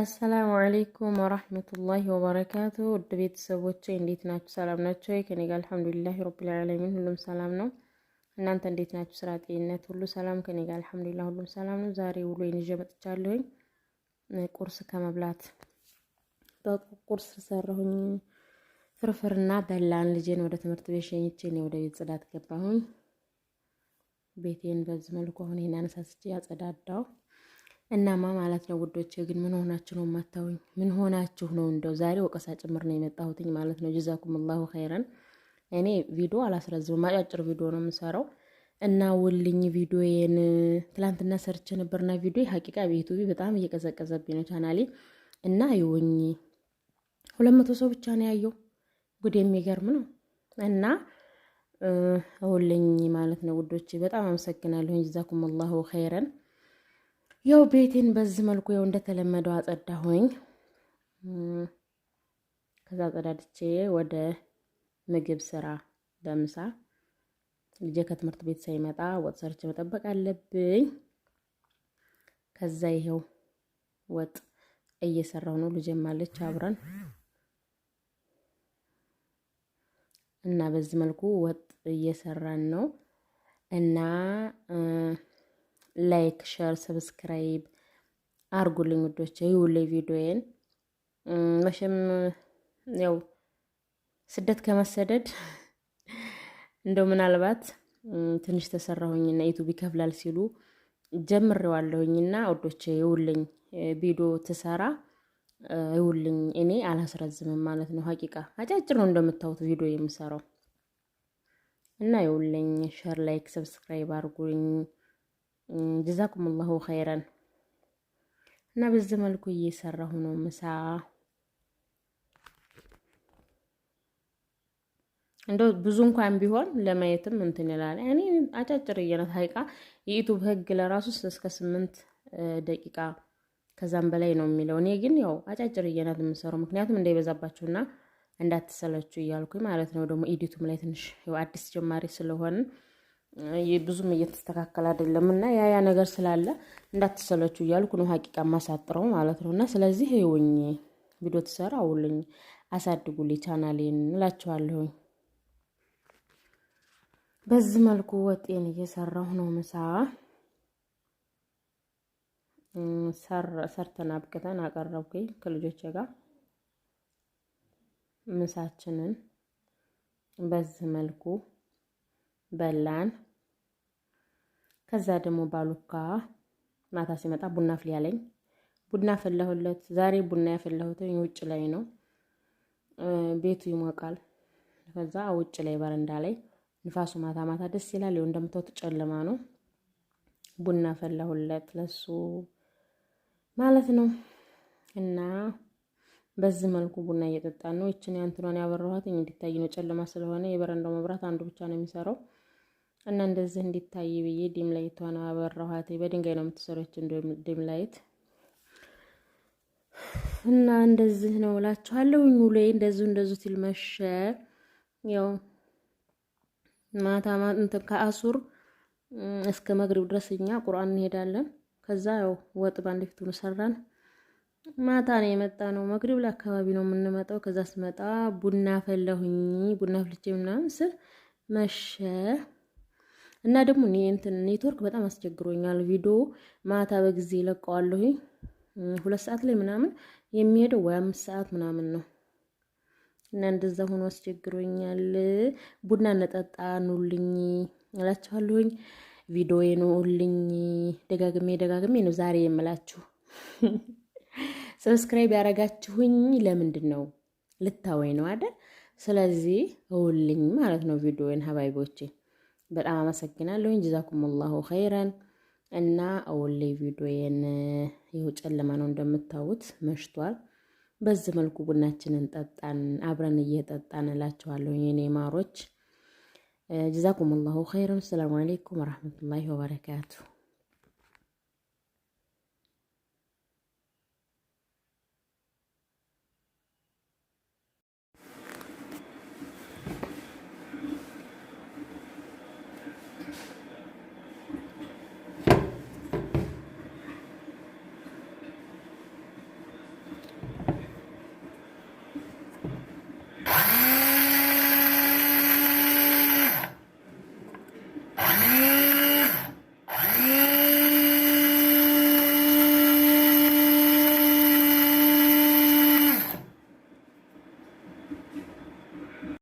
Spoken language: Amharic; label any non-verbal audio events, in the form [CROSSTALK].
አሰላሙ አለይኩም ወራህመቱላሂ ወበረካቱ ውድ ቤተሰቦቼ እንዴት ናችሁ? ሰላም ናቸው ከኔ ጋር አልሐምዱሊላህ ረቢል ዓለሚን ሁሉም ሰላም ነው። እናንተ እንዴት ናችሁ? ስራ፣ ጤንነት ሁሉ ሰላም ከኔ ጋር አልሐምዱሊላህ ሁሉም ሰላም ነው። ዛሬ ውሎዬን ይዤ መጥቻለሁኝ። ቁርስ ከመብላት በቁርስ ሰራሁኝ ፍርፍርና በላን። ልጄን ወደ ትምህርት ቤት ሸኝቼ እኔ ወደ ቤት ጽዳት ገባሁኝ። ቤቴን በዚህ መልኩ አሁን ይሄን አነሳስቼ ያጸዳዳው እናማ ማለት ነው ውዶቼ። ግን ምን ሆናችሁ ነው የማታውኝ? ምን ሆናችሁ ነው? እንደው ዛሬ ወቀሳ ጭምር ነው የመጣሁትኝ ማለት ነው። ጀዛኩም አላሁ ኸይረን። እኔ ቪዲዮ አላስረዝምም፣ አጫጭር ቪዲዮ ነው የምሰራው እና ውልኝ ቪዲዮዬን ትላንትና ሰርቼ ነበርና ቪዲዮ ሀቂቃ በዩቱብ በጣም እየቀዘቀዘብኝ ነው ቻናሌ እና ይውኝ ሁለት መቶ ሰው ብቻ ነው ያየው። ጉድ የሚገርም ነው እና ውልኝ ማለት ነው ውዶቼ። በጣም አመሰግናለሁ። ጀዛኩም አላሁ ኸይረን ያው ቤቴን በዚህ መልኩ ያው እንደተለመደው ሆኝ ከዛ አጸዳድቼ ወደ ምግብ ስራ በምሳ ልጄ ከትምህርት ቤት ሳይመጣ ወጥ ሰርቼ መጠበቅ አለብኝ። ከዛ ይሄው ወጥ እየሰራሁ ነው። ልጄም አለች አብረን እና በዚህ መልኩ ወጥ እየሰራን ነው እና ላይክ፣ ሸር፣ ሰብስክራይብ አርጉልኝ ውዶች። ይውልኝ ቪዲዮዬን መቼም ያው ስደት ከመሰደድ እንደው ምናልባት ትንሽ ተሰራሁኝና ዩቱብ ይከፍላል ሲሉ ጀምሬዋለሁኝና ውዶች ይውልኝ ቪዲዮ ትሰራ ይውልኝ እኔ አላስረዝምም ማለት ነው። ሀቂቃ አጫጭር ነው እንደምታዩት ቪዲዮ የምሰራው እና ይውልኝ ሸር ላይክ ሰብስክራይብ አርጉኝ። ጀዛኩም አላሁ ኸይረን እና በዚህ መልኩ እየሰራሁ ነው ምሳ እንደው ብዙ እንኳን ቢሆን ለማየትም እንትን ይላል። እኔ አጫጭር እየነት ሀይቃ የዩቱብ ህግ ለራሱ እስከ ስምንት ደቂቃ ከዛም በላይ ነው የሚለው። እኔ ግን ያው አጫጭር እየነት የምሰራው ምክንያቱም እንዳይበዛባችሁና እንዳትሰለችሁ እያልኩኝ ማለት ነው። ደግሞ ኢዲቱም ላይ ትንሽ አዲስ ጀማሪ ስለሆን ብዙም እየተስተካከል አይደለም እና ያ ያ ነገር ስላለ እንዳትሰለችው እያልኩ ነው ሀቂቃ ማሳጥረው ማለት ነው። እና ስለዚህ ይውኝ ቪዲዮ ትሰራ አውልኝ አሳድጉልኝ ቻናሌን እላችኋለሁኝ። በዚህ መልኩ ወጤን እየሰራሁ ነው። ምሳ ሰርተን አብቅተን አቀረብኩኝ ከልጆች ጋር ምሳችንን በዚህ መልኩ በላን። ከዛ ደግሞ ባሉካ ማታ ሲመጣ ቡና አፍሊ አለኝ። ቡና ፈላሁለት። ዛሬ ቡና ያፈላሁት ውጭ ላይ ነው፣ ቤቱ ይሞቃል። ከዛ ውጭ ላይ በረንዳ ላይ ንፋሱ ማታ ማታ ደስ ይላል። ይኸው እንደምታዩት ጨለማ ነው። ቡና ፈላሁለት ለሱ ማለት ነው እና በዚህ መልኩ ቡና እየጠጣን ነው። ይችን ያንትኗን ያበራኋት እንዲታይ ነው። ጨለማ ስለሆነ የበረንዳው መብራት አንዱ ብቻ ነው የሚሰራው እና እንደዚህ እንዲታይ ብዬ ዲም ላይቷን አበራኋት። በድንጋይ ነው የምትሰራው ዲም ላይት እና እንደዚህ ነው እላችኋለሁ። ውሎዬ እንደዚሁ እንደዚሁ ሲልመሸ ያው ማታ ከአሱር እስከ መግሪብ ድረስ እኛ ቁርአን እንሄዳለን። ከዛ ያው ወጥ ባንድ ፊቱን ሰራን። ማታ ነው የመጣ ነው። መግሪብ አካባቢ ነው የምንመጣው። ከዛ ስመጣ ቡና ፈለሁኝ ቡና ፍልቼ ምናምን ስል መሸ እና ደግሞ እንትን ኔትወርክ በጣም አስቸግሮኛል። ቪዲዮ ማታ በጊዜ ለቀዋለሁኝ ሁለት ሰዓት ላይ ምናምን የሚሄደው ወይ አምስት ሰዓት ምናምን ነው እና እንደዛ ሆኖ አስቸግሮኛል። ቡና ነጠጣ ኑልኝ እላችኋለሁኝ። ቪዲዮ ኑልኝ ደጋግሜ ደጋግሜ ነው ዛሬ የምላችሁ። [LAUGHS] ሰብስክራይብ ያደረጋችሁኝ ለምንድን ነው? ልታወይ ነው አይደል? ስለዚህ እውልኝ ማለት ነው ቪዲዮን ሀባይቦቼ በጣም አመሰግናለሁ። ላሁ ኸይረን እና እውልኝ ቪዲዮን። ይኸው ጨለማ ነው እንደምታዩት መሽቷል። በዚህ መልኩ ቡናችንን ጠጣን፣ አብረን እየጠጣን እላችኋለሁ የኔ ማሮች። ላሁ ኸይረን። ሰላሙ አሌይኩም ወረሕመቱላሂ ወበረካቱ።